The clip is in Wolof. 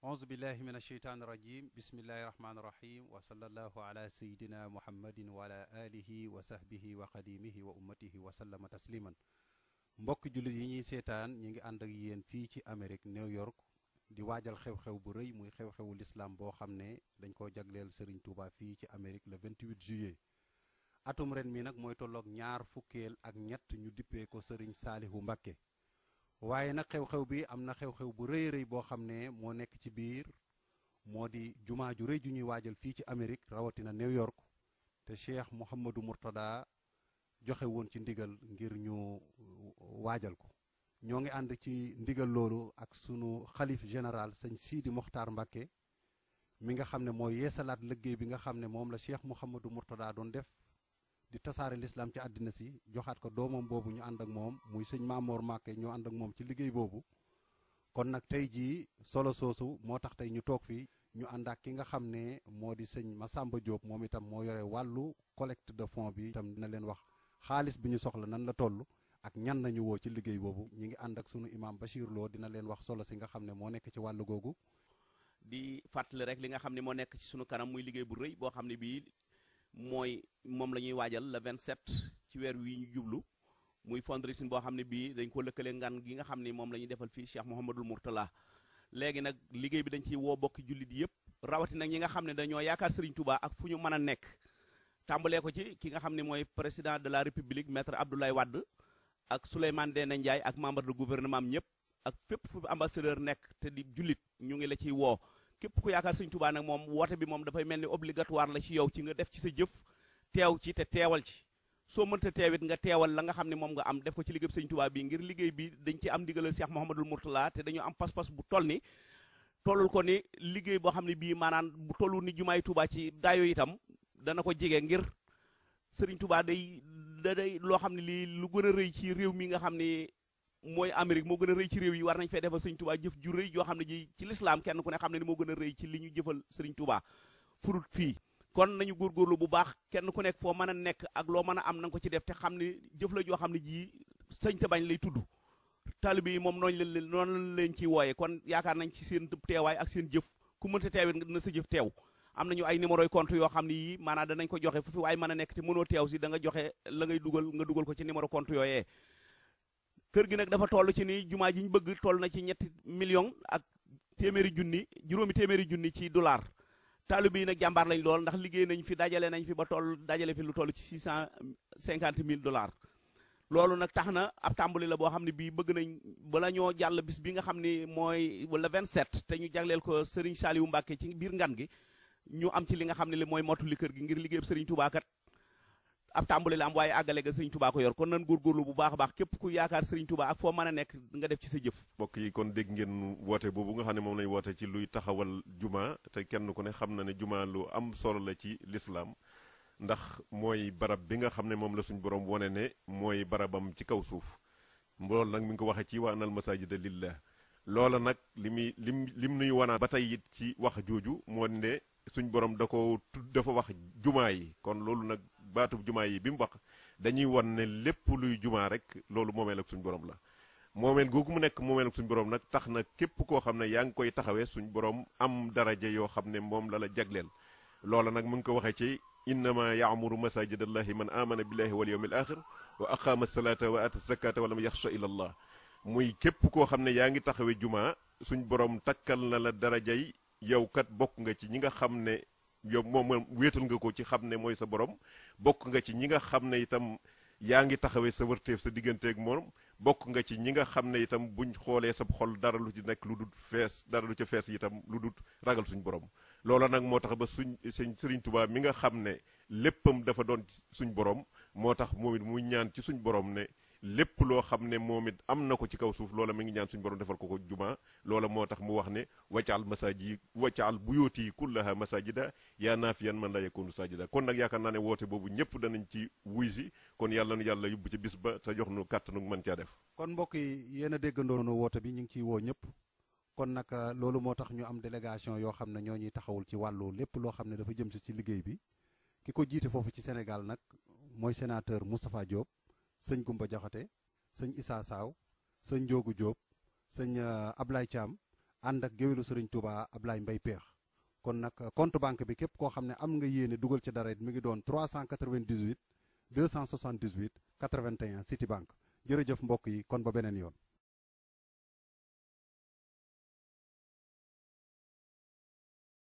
auzu billahi min asheytaani irajim bismillahi irahmaani irahim wa sallallahu ala sayidina muhammadin wa ala alihi wa sahbihi wa qadimihi wa ummatihi wa sallama mbokki jullit yi ñuy seetaan ñu ngi ànd ak yéen fii ci Amérique New York di waajal xew-xew bu rëy muy xew-xewu lislaam boo xam ne dañ koo jagleel Serigne Touba fii ci Amérique le 28 juillet atum ren mii nag mooy tolloog ñaar fukkeel ak ñett ñu dippee ko Serigne Saalihu Mbakke waaye nag xew-xew bi am na xew-xew bu rëy rëy boo xam ne moo nekk ci biir moo di jumaa ju rëy ju ñuy waajal fii ci Amérique rawatina New York te Cheikh Mouhamadou Mourtada joxe woon ci ndigal ngir ñu waajal ko ñoo ngi ànd ci ndigal loolu ak sunu xalif général sëñ Sidi Mokhtar Mbacké mi nga xam ne mooy yeesalaat liggéey bi nga xam ne moom la Cheikh Mouhamadou Mourtada doon def di tasaare lislaam ci àddina si joxaat ko doomam boobu ñu ànd ak moom muy sëñ Maamoor Màkke ñoo ànd ak moom ci liggéey boobu kon nag tey jii solo soosu moo tax tey ñu toog fii ñu ànd ak ki nga xam ne moo di sëñ ma Massamba Diop moom itam moo yore wàllu collecte de fonds bi itam dina leen wax xaalis bi ñu soxla nan la toll ak ñan nañu woo ci liggéey boobu ñu ngi ànd ak sunu imaam Bachir Lo dina leen wax solo si nga xam ne moo nekk ci wàllu googu di fàttali rek li nga xam ne moo nekk ci sunu kanam liggéey bu rëy boo xam ne bii mooy moom la ñuy waajal le 27 ci weer wii ñu jublu muy fundraising boo xam ne bii dañ ko lëkkale ngan gi nga xam ne moom la defal fii Cheikh Mouhamadul Mourtala léegi nag liggéey bi dañ ciy woo bokki jullit yëpp rawati nag ñi nga xam ne dañoo yaakaar Serigne Touba ak fu ñu mën a nekk tàmbalee ko ci ki nga xam ne mooy président de la république maître Abdoulaye Wade ak Souleymane Dene Ndiaye ak membre de gouvernement am ñëpp ak fépp fu ambassadeur nekk te di jullit ñu ngi la ciy woo képp ku yaakaar sëñ tubaa nag moom woote bi moom dafay mel ni obligatoire la ci yow ci nga def ci sa jëf teew ci te teewal ci soo mënta teewit nga teewal la nga xam ne moom nga am def ko ci liggéey sëñ tubaa bi ngir liggéey bi dañ ci am ndigalal Cheikh Mouhamadul Mourtala te dañu am pas-pas bu tol ni tollul ko ni liggéey boo xam ne bii maanaan bu tolu ni jumaay tubaa ci dayo itam dana ko jege ngir sëriñ tubaa day da day loo xam ne lii lu gën a rëy ci réew mii nga xam ne mooy Amérique moo gën a rëy ci réew yi war nañ fee defal sëñ Touba jëf ju rëy joo xam ne ji ci lislaam kenn ku ne xam ne ni moo gën a rëy ci li ñu jëfal sëriñ Touba furut fii kon nañu góorgóorlu bu baax kenn ku nekk foo mën a nekk ak loo mën a am nañ ko ci def te xam ne jëf la joo xam ne ji sëñ te bañ lay tudd taalibe yi moom nooñu leen noonu leen ci wooye kon yaakaar nañ ci seen teewaay ak seen jëf ku mënta teewit nga dina sa jëf teew am nañu ay numéro compte yoo xam ne yi maanaam danañ ko joxe fu fi mën nekk te mënoo teew si nga joxe la ngay dugal nga dugal ko ci numéro compte yooyee kër gi nag dafa toll ci ni jumaa ji ñu bëgg toll na ci ñetti million ak téeméeri junni juróomi téeméeri junni ci dollar taalibe yi nag jàmbaar lañ lool ndax liggéey nañ fi dajale nañ fi ba toll dajale fi lu toll ci six cent cinquante mille dollars loolu nag tax na ab tàmbali la boo xam ne bii bëgg nañ bala ñoo jàll bis bi nga xam ne mooy le 27 te ñu jagleel ko Serigne Saliou Mbacke ci biir ngan gi ñu am ci li nga xam ne li mooy mottali kër gi ngir liggéeyam Serigne Touba kat ab tàmbali waaye àggale ga sëriñ tubaa ko yor kon nan góorgóorlu bu baax baax képp ku yaakaar sëriñ tubaa ak foo mën a nekk nga def ci sa jëf bokk yi kon dégg ngeen woote boobu nga xam ne moom lañ woote ci luy taxawal juma te kenn ku ne xam na ne juma lu am solo la ci lislaam ndax mooy barab bi nga xam ne moom la suñ borom wane ne mooy barabam ci kaw suuf mbool nag mi ngi ko waxee ci wa anal masajida lillah loola nag li muy lim lim nuy wanaa ba tey it ci wax jooju moo ne suñ borom da ko tudd dafa wax jumaa yi kon loolu nag baatu jumaa yi bi mu wax dañuy won ne lépp luy jumaa rek loolu moomeel ak suñu borom la moomeel googu mu nekk moomeel ak suñu boroom nag tax na képp koo xam ne yaa ngi koy taxawee suñu boroom am daraja yoo xam ne moom la la jagleel loola nag mu ngi ko waxee ci innama yaamuru masajid allahi man amana billahi wal yawmil axir wa aqama salata wa ata zakata walam yaxsha ila allah muy képp koo xam ne yaa ngi taxawee jumaa suñ borom takkal na la darajay yow kat bokk nga ci ñi nga xam ne yow moom wéetal nga ko ci xam ne mooy sa borom bokk nga ci ñi nga xam ne itam yaa ngi taxawee sa wërteef sa diggante digganteeg moom bokk nga ci ñi nga xam ne itam buñ xoolee sa xol dara lu ci nekk lu dut fees dara lu ca fees itam lu dut ragal suñ borom loola nag moo tax ba suñ sëñ Sëriñ tubaab mi nga xam ne léppam dafa doon suñ borom moo tax moom it mu ñaan ci suñ borom ne lépp loo xam ne moom it am na ko ci kaw suuf loola mi ngi ñaan suñu borom defal ko ko juma loola moo tax mu wax ne waccaal masaji waccaal buyooti kullaha masajida yaa naafiyan man la yakunu sajida kon nag yaakaar naa ne woote boobu ñëpp danañ ci wuy si kon yàlla nu yàlla yóbbu ci bis ba te jox nu kàttanu mën caa def kon mbokk yi yéen a déggandoono woote bi ñu ngi ciy woo ñëpp kon nag euh, loolu moo tax ñu am délégation yoo xam ne ñoo ñuy taxawul ci wàllu lépp loo xam ne dafa jëm si ci liggéey bi ki ko jiite foofu ci Sénégal nag mooy sénateur Moustapha sëñ Kumba Jaxate sëñ Isaa Saaw sëñ Njoogu Jóob sëñ euh, Ablaay Caam ànd ak géwélu sëriñ Touba Ablaay Mbay Peex kon nag euh, compte banque bi képp koo xam ne am nga yéene dugal ci dara it mi ngi doon 398 278 81 Citibank jërëjëf mbokk yi kon ba beneen yoon